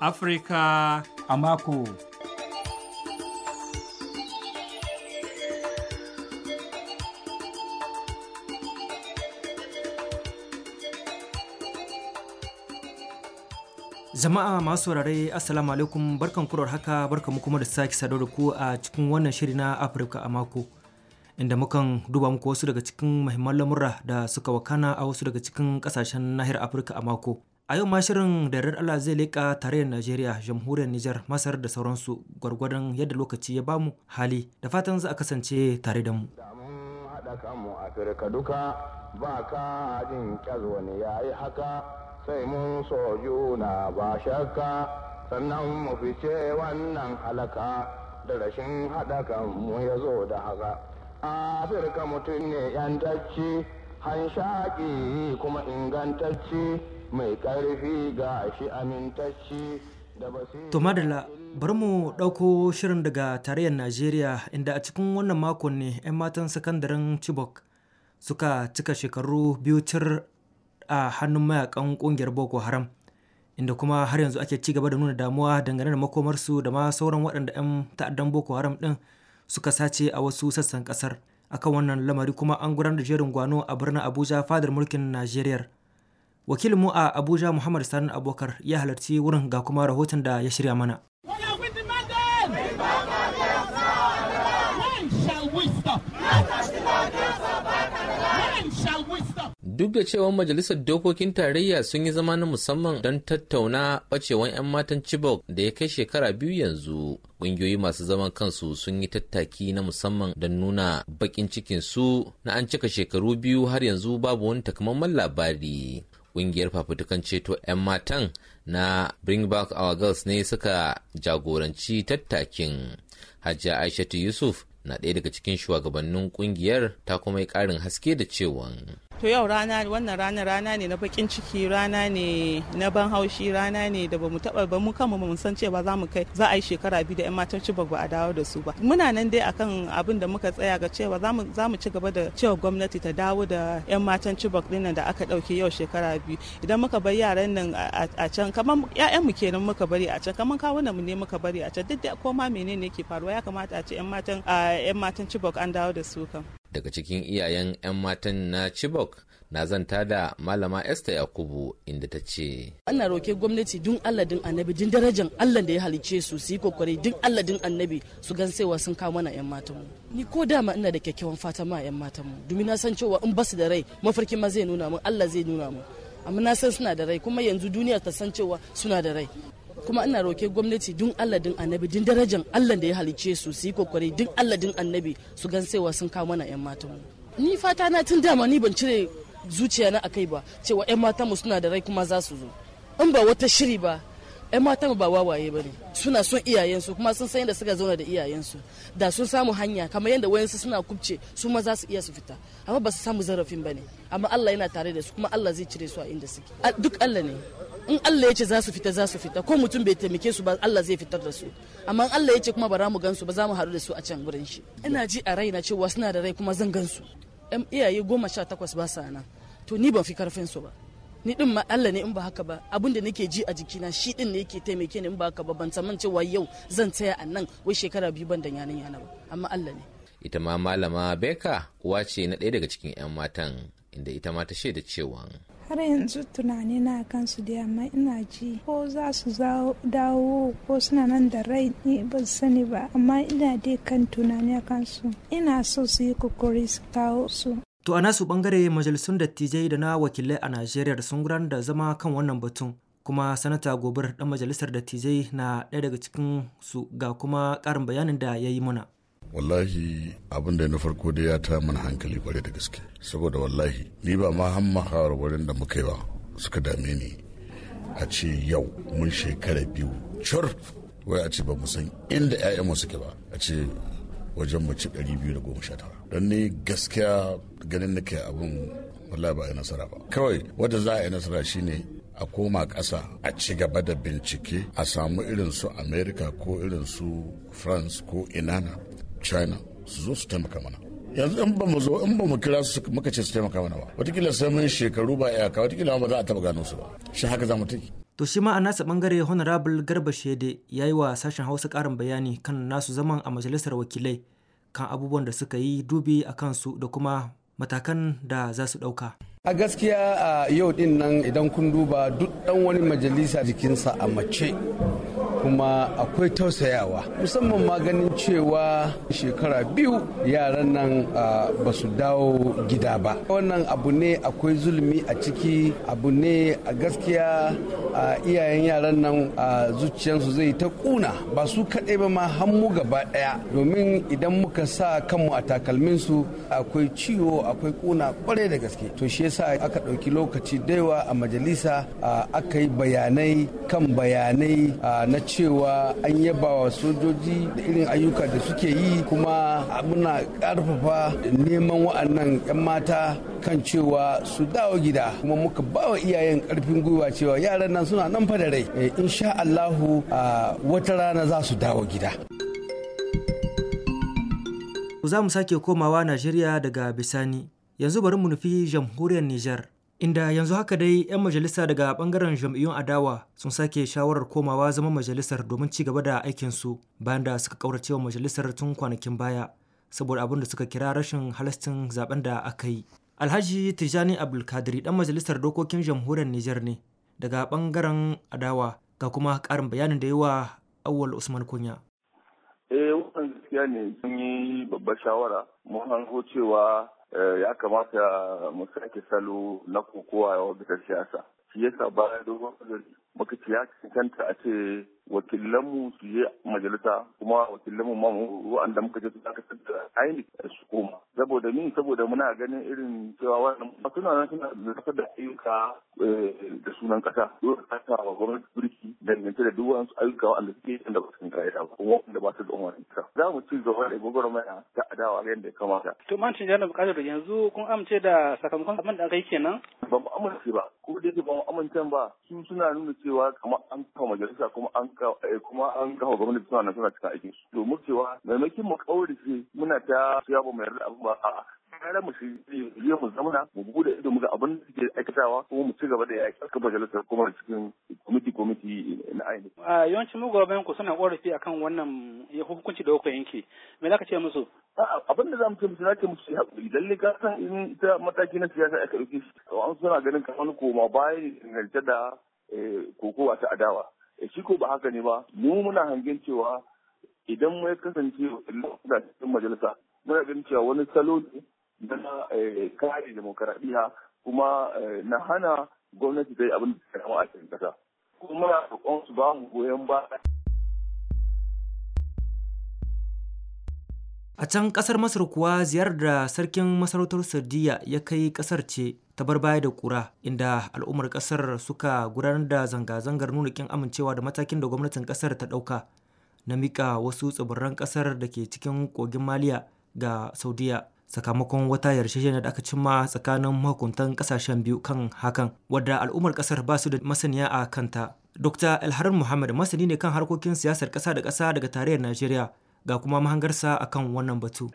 Afirka a mako. Jama'a masu wurare, Assalamu alaikum barkan kurar haka barkan kuma da sake sadar da ku a cikin wannan shiri na Afirka a mako. Inda mukan duba muku wasu daga cikin muhimman lamura da suka wakana a wasu daga cikin kasashen nahiyar Afirka a mako. a yau ma shirin da yardar Allah zai leƙa tarayyar Najeriya, jamhuriyar Nijar, Masar da sauransu gwargwadon yadda lokaci ya bamu hali da fatan za a kasance tare da mu. haɗa kanmu Afirka duka ba ka jin ƙyaz wani ya yi haka sai mun so juna ba shakka sannan mu fice wannan halaka da rashin haɗa kanmu ya zo da haka. Afirka mutum ne 'yantacci, hanshaƙi kuma ingantacci. mai ƙarfi ga shi amintacci da basira. To bar bari mu ɗauko shirin daga tarayyar Najeriya inda a cikin wannan makon ne 'yan matan sakandaren Chibok suka cika shekaru biyu cir a hannun mayakan ƙungiyar Boko Haram. inda kuma har yanzu ake ci gaba da nuna damuwa dangane da makomarsu da ma sauran waɗanda 'yan ta'addan boko haram ɗin suka sace a wasu sassan ƙasar akan wannan lamari kuma an gudanar da jerin gwano a birnin abuja fadar mulkin najeriya wakilinmu a abuja muhammad sani abokar ya halarci wurin ga kuma rahoton da ya shirya mana duk da cewa majalisar dokokin tarayya sun yi zama na musamman don tattauna bacewan 'yan matan chibok da ya kai shekara biyu yanzu ƙungiyoyi masu zaman kansu sun yi tattaki na musamman don nuna bakin cikin su na an cika shekaru biyu har yanzu babu wani takamaiman labari kungiyar fafutukan ceto 'yan matan na bring back our girls ne suka jagoranci tattakin hajiya aishatu yusuf na ɗaya daga cikin shugabannin kungiyar ta kuma yi ƙarin haske da cewa to yau rana wannan rana rana ne na bakin ciki rana ne na ban haushi rana ne da bamu taba ba mu kanmu mun san cewa za mu kai za a yi shekara biyu da yan matan ci ba a dawo da su ba muna nan dai akan abin da muka tsaya ga cewa za mu ci gaba da cewa gwamnati ta dawo da yan matan ci din nan da aka dauke yau shekara biyu idan muka bar yaran nan a can kamar ƴaƴan mu kenan muka bari a can kamar kawunan mu ne muka bari a can duk da koma menene yake faruwa ya kamata a ce yan matan yan matan an dawo da su kan daga cikin iyayen 'yan matan na chibok na zanta da malama esther yakubu inda ta ce ana roke gwamnati dun allah annabi din darajan allah da ya halice su su yi kokari dun allah annabi su gan sewa sun kawo mana yan matanmu ni ko dama ina da kyakkyawan fata ma yan matanmu mu domin na san cewa in basu da rai mafarkin ma zai nuna mu allah zai nuna mu amma na san suna da rai kuma yanzu duniya ta san cewa suna da rai kuma ina roke gwamnati dun Allah din annabi din darajan Allah da ya halice su su yi kokari dun Allah din annabi su gan cewa sun kawo mana yan matan ni fata na tun dama ni ban cire zuciya na akai ba cewa yan matan mu suna da rai kuma za su zo in ba wata shiri ba yan matan ba wawaye ba ne suna son iyayensu kuma sun san yadda suka zauna da iyayensu da sun samu hanya kamar yadda wayansu suna kubce su ma za su iya su fita amma ba su samu zarafin ba ne amma Allah yana tare da su kuma Allah zai cire su a inda suke duk Allah ne in Allah ya ce za su fita za su fita ko mutum bai taimake su ba Allah zai fitar da su amma Allah ya ce kuma ba za mu gan su ba za mu haɗu da su a can gurin shi ina ji a raina cewa suna da rai kuma zan gan su yan iyaye goma sha takwas ba sa nan to ni ban fi karfin su ba ni din ma Allah ne in ba haka ba abin da nake ji a jikina shi din ne yake taimake ni in ba haka ba ban san cewa yau zan tsaya a nan wai shekara biyu ban da yanan yana ba amma Allah ne ita ma malama Beka uwa ce na ɗaya daga cikin 'yan matan inda ita ma ta shaida cewa har yanzu tunani na kansu da amma ina ji ko za su dawo ko suna nan da rai ni ban sani ba amma ina dai kan tunani a kansu ina so su yi kokori su kawo su To a nasu bangare majalisun dattijai da na wakilai a Najeriya sun gudanar da zama kan wannan batun kuma sanata gobar dan majalisar dattijai na ɗaya daga cikin su ga kuma ƙarin bayanin da ya yi muna. wallahi abin da na farko da ya ta mana hankali kwarai da gaske saboda wallahi ni ba ma hamma wurin da muka yi ba suka dame ni a ce yau mun shekara biyu cur wai a ce ba mu san inda 'ya'yanmu suke ba a ce wajen mace 219 don ni gaskiya ganin nake abin wallahi ba a nasara ba kawai wadda za a yi nasara shine a koma ƙasa a ci gaba da bincike a samu irin su america ko irin su france ko inana china su zo su taimaka mana yanzu in ba mu zo in ba mu kira su muka ce su taimaka mana ba watakila sai mun shekaru ba iyaka watakila ba za a taba gano su ba shi haka za mu tafi to shi ma a nasa bangare honorable garba shede ya yi wa sashen hausa karin bayani kan nasu zaman a majalisar wakilai kan abubuwan da suka yi dubi a kansu da kuma matakan da za su ɗauka. a gaskiya a yau din nan idan kun duba duk dan wani majalisa jikinsa a mace kuma akwai tausayawa musamman maganin cewa shekara biyu yaran nan ba su dawo gida ba wannan abu ne akwai zulumi a ciki abu ne a gaskiya iyayen yaran nan zuciyarsu zai ta kuna ba su kaɗai ba ma hannu gaba ɗaya domin idan muka sa kanmu a takalminsu akwai ciwo akwai kuna kwarai da gaske to shi yasa aka ɗauki lokaci daiwa a majalisa aka yi bayanai kan bayanai na cewa an yaba wa sojoji da irin ayyuka da suke yi kuma muna karfafa neman wa'annan 'yan mata kan cewa su dawo gida kuma muka ba wa iyayen karfin gwiwa cewa yaran nan suna nan da rai eh, insha Allahu a wata rana za su dawo gida. Za mu sake komawa Najeriya daga bisani yanzu bari mu nufi jamhuriyar Nijar. inda yanzu haka dai 'yan majalisa daga bangaren jam'iyyun adawa sun sake shawarar komawa zama majalisar domin ci gaba da aikinsu bayan da suka kaurace wa majalisar tun kwanakin baya saboda abin da suka kira rashin halastin zaben da aka yi alhaji tijani abdulkadir dan majalisar dokokin jamhuriyar nijar ne daga bangaren adawa ga kuma karin bayanin da yawa awwal usman kunya eh wannan gaskiya ne sun yi babbar shawara mun hango cewa Eh, ya kamata mu sake salo na kokowa ya wabitar siyasa shi yasa bayan dogon nazari muka ce ya kanta a ce wakilanmu su je majalisa kuma wakilanmu ma wa'anda muka je su aka tattara aini su koma saboda min saboda muna ganin irin cewa wannan suna nan suna da ayyuka eh, da sunan kasa dole ta wa gwamnati birki dangance da duk wasu ayyuka wanda suke yin da ba su ka'ida kuma wanda basu da umarnin ta za mu ci gaba da gwagwarmaya ta adawa yadda ya kamata. to man cin jana bukatar yanzu kun amince da sakamakon abin da aka yi kenan. ba mu amince ba ko dai yake ba mu amince ba su suna nuna cewa kamar an kawo majalisa kuma an kawo eh, kuma an kawo gwamnati suna nan suna cika aikin su mu cewa maimakon mu kaurace muna ta siya ba mu yarda abin ba a'a kare mu shirye mu zamana mu bude ido mu ga abin da suke aikatawa kuma mu ci gaba da yaƙi aka majalisar kuma cikin kwamiti kwamiti na ainihi. a yawancin mugaben ku suna korafi akan wannan hukunci da kuka yanke me za ka ce musu. abin da za mu ce musu na ce musu haƙuri lalle ka san in ta mataki na siyasa ya karfi shi an suna ganin kamar koma bayan dangance da eh, koko wata adawa. Eh, shi ko ba haka ne ba mu muna hangen cewa idan mu ya kasance da cikin majalisa muna ganin cewa wani salo ne na eh, kare demokaradiyya kuma na hana gwamnati ta yi abin da ta a cikin kasa kuma muna roƙon su ba mu goyon baya A can ƙasar Masar kuwa ziyarar da sarkin masarautar Sardiya ya kai ƙasar ce ta bar baya da ƙura inda al'ummar ƙasar suka gudanar da zanga-zangar nuna kin amincewa da matakin da gwamnatin ƙasar ta ɗauka na miƙa wasu tsibiran ƙasar da ke cikin kogin Maliya ga Saudiya. sakamakon wata yarjejeniyar da aka cimma tsakanin mahukuntan kasashen biyu kan hakan wadda al'ummar kasar basu da masaniya a kanta dr alharin muhammad masani ne kan harkokin siyasar kasa da kasa daga tarayyar najeriya ga kuma mahangarsa akan wannan batu.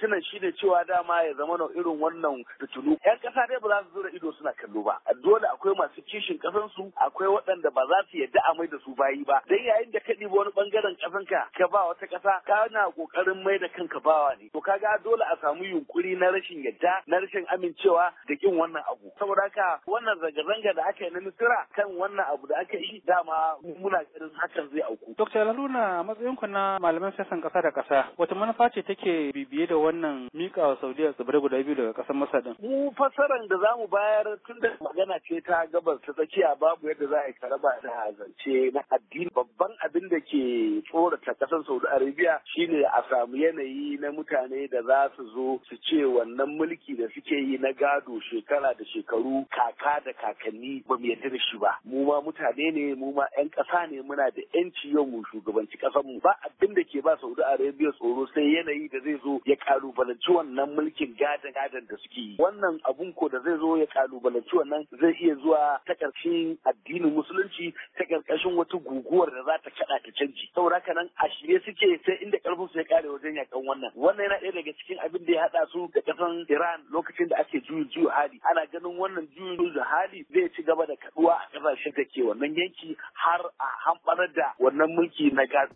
fitinan shine cewa dama ya zama na irin wannan fitilu. yan kasa dai ba za su da ido suna kallo ba dole akwai masu kishin kasansu akwai waɗanda ba za su yadda a mai da su bayi ba dan yayin da ka ɗibi wani ɓangaren kasanka ka ba wata kasa kana ƙoƙarin mai da kanka bawa ne to kaga dole a samu yunkuri na rashin yadda na rashin amincewa da ƙin wannan abu saboda haka wannan zanga-zanga da aka yi na misira kan wannan abu da aka yi dama muna ganin hakan zai auku. Laluna, matsayin matsayinku na malaman sassan kasa da kasa wata manufa ce take bibiye da wannan mika wa Saudiya tsibirai guda biyu daga ƙasar Masar din? Mu fasaran da zamu bayar tun da magana ce ta gabas ta tsakiya babu yadda za a yi karaba da zance na addini babban abin da ke tsorata ƙasar Saudi Arabia shine a samu yanayi na mutane da za su zo su ce wannan mulki da suke yi na gado shekara da shekaru kaka da kakanni ba mu yarda da shi ba mu ma mutane ne mu ma 'yan ƙasa ne muna da 'yanci yau mu shugabanci ƙasar mu ba abin da ke ba Saudi Arabia tsoro sai yanayi da zai zo ya ƙaru kalubalanci wannan mulkin gadin gadon da suke yi wannan abun ko da zai zo ya kalubalanci wannan zai iya zuwa ta ƙarshen addinin musulunci ta ƙarƙashin wata guguwar da za ta kaɗa ta canji saboda haka nan a shirye suke sai inda ƙarfin su ya ƙare wajen yaƙan wannan wannan yana ɗaya daga cikin abin da ya haɗa su da ƙasan Iran lokacin da ake juyin juyin hali ana ganin wannan juyin juyin hali zai ci gaba da kaɗuwa a ƙasashen da ke wannan yanki har a hamɓarar da wannan mulki na gas.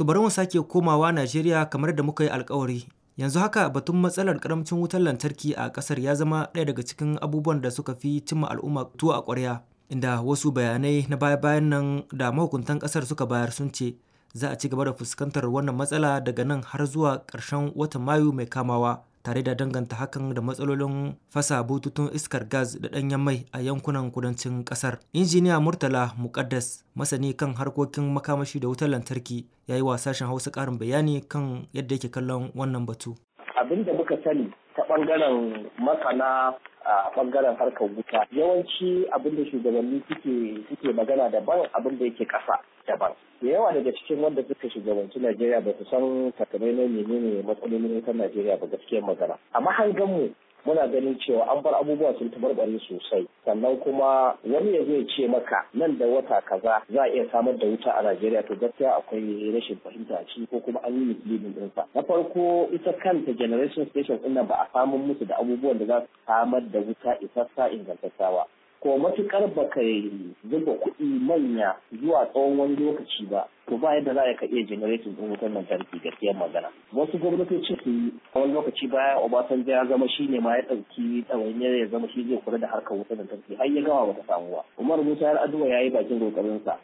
To bari mu sake komawa Najeriya kamar da muka yi alkawari. Yanzu haka batun matsalar karamcin wutar lantarki a kasar ya zama ɗaya daga cikin abubuwan da suka fi cimma al'umma tuwo a ƙwarya. Inda wasu bayanai na baya-bayan nan da mahukuntan kasar suka bayar sun ce za a ci gaba da fuskantar wannan matsala daga nan har zuwa ƙarshen watan Mayu mai kamawa. tare da danganta hakan da matsalolin fasa bututun iskar gas da ɗanyen mai a yankunan kudancin ƙasar. Injiniya Murtala Muqaddas masani kan harkokin makamashi da wutar lantarki ya yi wa sashen Hausa karin bayani kan yadda yake kallon wannan batu. abinda muka sani ta ɓangaren masana a bangaren harkar wuta yawanci abin da shugabanni suke suke magana daban abin da yake kasa daban da yawa daga cikin wanda suka shugabanci Najeriya ba su san takamaimai menene matsalolin wutar Najeriya ba gaskiyar magana amma hangen mu muna ganin cewa an bar abubuwa sun tabarbare sosai sannan kuma wani ya zai ce maka nan da wata kaza za a iya samar da wuta a Najeriya to gaskiya akwai rashin fahimta a ciki ko kuma an yi din ɗinsa na farko ita kanta generation station ɗin na ba a samun musu da abubuwan da za su samar da wuta isassa ingantattawa. ko matukar baka zuba kuɗi manya zuwa tsawon wani lokaci ba to ba yadda za ka iya generating din wutar lantarki gaskiyar magana wasu gwamnatoci su yi wani lokaci baya obasanjo ya zama shi ne ma ya ɗauki ɗawainiyar ya zama shi zai kula da harkar wutar lantarki har ya gama bata samu ba umar musa ya aduwa ya yi bakin sa.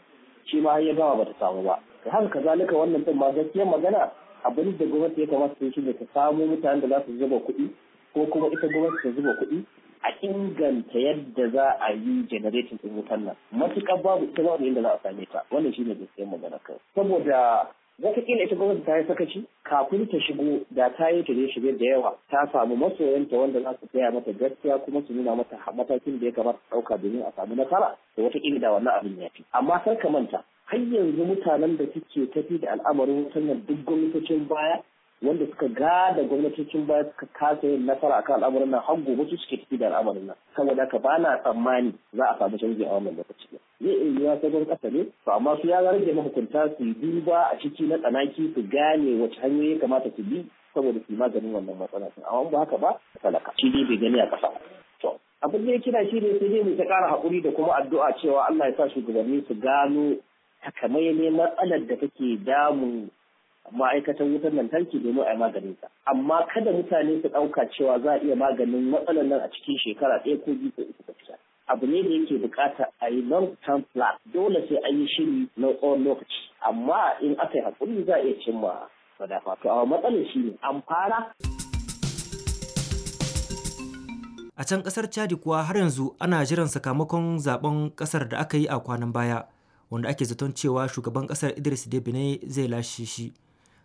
shi ma har ya gama bata samu ba ka haka kazalika wannan din ma gaskiyar magana abin da gwamnati ya kamata su yi shi ne ta samo mutanen da za su zuba kuɗi ko kuma ita gwamnati ta zuba kuɗi a inganta yadda za a yi generating din wutan nan matuƙa babu ita babu inda za a same ta wannan shine sai magana kai saboda wataƙila ita gwamnati ta yi sakaci kafin ta shigo da ta yi shirye shige da yawa ta samu masoyanta wanda za su saya mata gaskiya kuma su nuna mata matakin da ya kamata ɗauka domin a samu nasara da wataƙila da wannan abin ya fi amma kar manta har yanzu mutanen da suke tafi da al'amarin wutan nan duk gwamnatocin baya wanda suka ga da gwamnatocin baya suka kasa yin nasara akan al'amuran nan har gobe su suke tafi da al'amarin nan saboda ka ba na tsammani za a samu canji a wannan lokaci zai iya yiwa sabon kasa ne to amma su ya rage mahukunta su duba a ciki na tsanaki su gane wace hanyoyi kamata su bi saboda su yi maganin wannan matsala amma ba haka ba talaka shi dai bai gani a kasa to abin da ya kira shi ne sai dai mu ta kara haƙuri da kuma addu'a cewa Allah ya sa shugabanni su gano takamaimai matsalar da take damun ma'aikatan wutar lantarki domin a yi maganin ta, amma kada mutane su ɗauka cewa za a iya maganin matsalar nan a cikin shekara ɗaya ko biyu ko uku ta abu ne da yake bukata a yi long term plan dole sai an yi shiri na tsawon lokaci amma in aka yi hakuri za a iya cimma sadafa to a matsalar shi ne an fara a can kasar chadi kuwa har yanzu ana jiran sakamakon zaben kasar da aka yi a kwanan baya wanda ake zaton cewa shugaban kasar idris debine zai lashe shi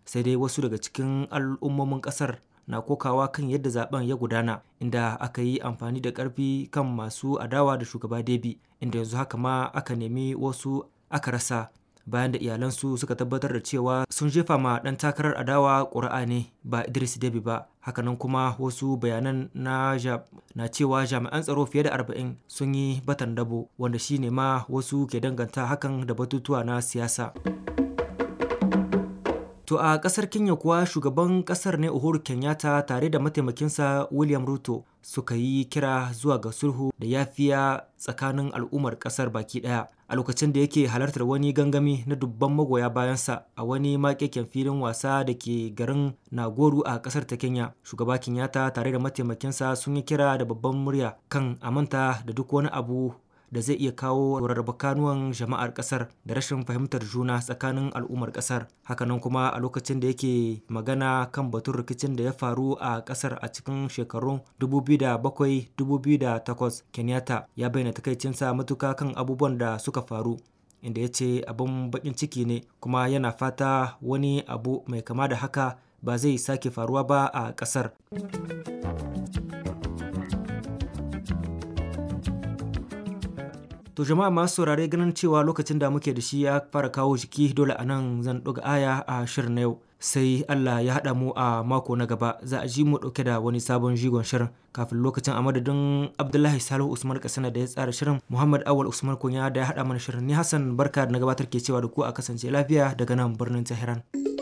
sai dai wasu daga cikin al'ummomin kasar na kokawa kan yadda zaben ya gudana inda aka yi amfani da karfi kan masu adawa da shugaba debi inda yanzu haka ma aka nemi wasu aka rasa bayan da iyalansu suka tabbatar da cewa sun jefa ma dan takarar adawa ƙura'a ne ba idris debi ba hakanan kuma wasu bayanan na, na cewa jami'an tsaro fiye da arba'in sun yi batan dabo wanda shi ne ma wasu ke danganta hakan da batutuwa na siyasa. To a ƙasar Kenya kuwa shugaban ƙasar ne Uhuru Kenyatta tare da mataimakinsa William Ruto suka yi kira zuwa ga sulhu da yafiya tsakanin al'ummar ƙasar baki ɗaya. A lokacin da yake halartar wani gangami na dubban magoya bayansa a wani makeken filin wasa da ke garin Nagoru a ƙasar ta Kenya, shugaba Kenyatta tare da mataimakinsa sun yi kira da babban murya kan a manta da duk wani abu da zai iya kawo bakanuwan jama'ar kasar da rashin fahimtar juna tsakanin al'ummar kasar hakanan kuma a lokacin da yake magana kan batun rikicin da ya faru a kasar a cikin shekarun 2007-2008 kenyatta ya bayyana sa matuka kan abubuwan da suka faru inda ya ce abin bakin ciki ne kuma yana fata wani abu mai kama da haka ba zai sake faruwa ba a kasar. To jama'a masu saurare ganin cewa lokacin da muke da shi ya fara kawo jiki dole anan zan ɗuga aya a shirin na yau. Sai Allah ya haɗa mu a mako na gaba za a ji mu ɗauke da wani sabon jigon shirin kafin lokacin a madadin Abdullahi Salihu Usman kasana da ya tsara shirin Muhammad Awal Usman Kunya da ya haɗa mana shirin ni Hassan barka na gabatar ke cewa da ku a kasance lafiya daga nan birnin Tehran.